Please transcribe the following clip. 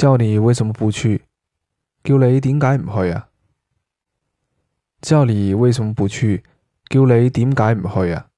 叫你為什麼不去？叫你點解唔去啊？叫你為什麼不去？叫你點解唔去啊？